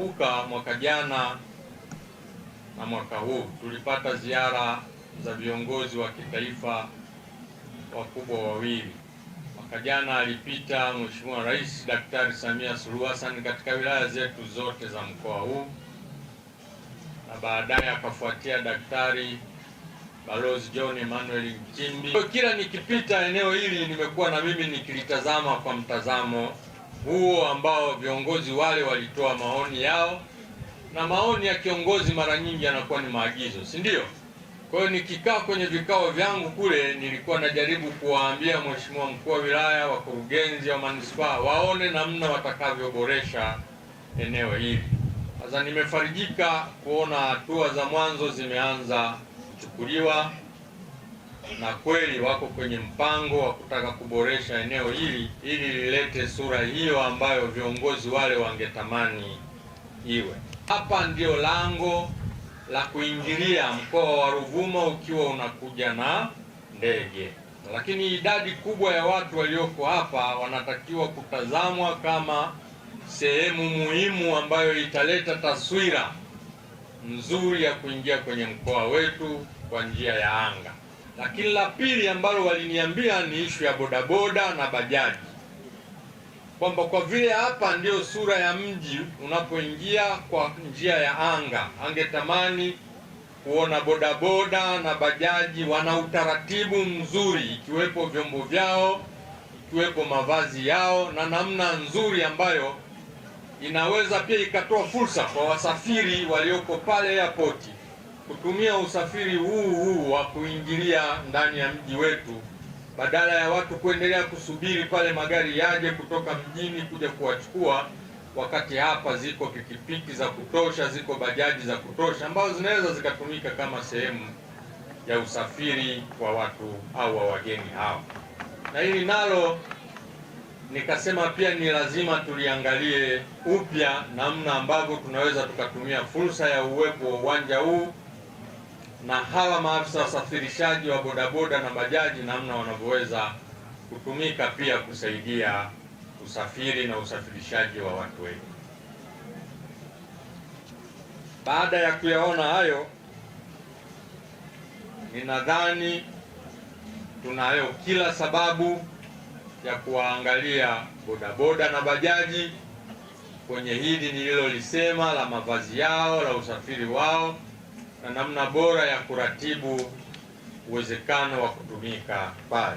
Mtakumbuka mwaka jana na mwaka huu tulipata ziara za viongozi wa kitaifa wakubwa wawili. Mwaka jana alipita Mheshimiwa Rais Daktari Samia Suluhu Hassan katika wilaya zetu zote za mkoa huu na baadaye akafuatia Daktari Balozi John Emmanuel Nchimbi. Kila nikipita eneo hili nimekuwa na mimi nikilitazama kwa mtazamo huo ambao viongozi wale walitoa maoni yao, na maoni ya kiongozi mara nyingi yanakuwa ni maagizo, si ndio? Kwa hiyo nikikaa kwenye vikao vyangu kule, nilikuwa najaribu kuwaambia mheshimiwa mkuu wa wilaya, wakurugenzi wa manispaa waone namna watakavyoboresha eneo hili. Sasa nimefarijika kuona hatua za mwanzo zimeanza kuchukuliwa na kweli wako kwenye mpango wa kutaka kuboresha eneo hili ili lilete sura hiyo ambayo viongozi wale wangetamani iwe. Hapa ndio lango la kuingilia mkoa wa Ruvuma ukiwa unakuja na ndege, lakini idadi kubwa ya watu walioko hapa wanatakiwa kutazamwa kama sehemu muhimu ambayo italeta taswira nzuri ya kuingia kwenye mkoa wetu kwa njia ya anga. Lakini la pili ambalo waliniambia ni ishu ya bodaboda na bajaji, kwamba kwa vile hapa ndiyo sura ya mji unapoingia kwa njia ya anga, angetamani kuona bodaboda na bajaji wana utaratibu mzuri, ikiwepo vyombo vyao, ikiwepo mavazi yao na namna nzuri ambayo inaweza pia ikatoa fursa kwa wasafiri walioko pale airport kutumia usafiri huu huu wa kuingilia ndani ya mji wetu badala ya watu kuendelea kusubiri pale magari yaje kutoka mjini kuja kuwachukua, wakati hapa ziko pikipiki za kutosha, ziko bajaji za kutosha ambazo zinaweza zikatumika kama sehemu ya usafiri wa watu au wa wageni hawa. Na hili nalo nikasema pia ni lazima tuliangalie upya namna ambavyo tunaweza tukatumia fursa ya uwepo wa uwanja huu na hawa maafisa wasafirishaji wa bodaboda na bajaji, namna wanavyoweza kutumika pia kusaidia usafiri na usafirishaji wa watu wengi. Baada ya kuyaona hayo, ninadhani tunayo kila sababu ya kuwaangalia bodaboda na bajaji kwenye hili nililolisema la mavazi yao, la usafiri wao na namna bora ya kuratibu uwezekano wa kutumika pale.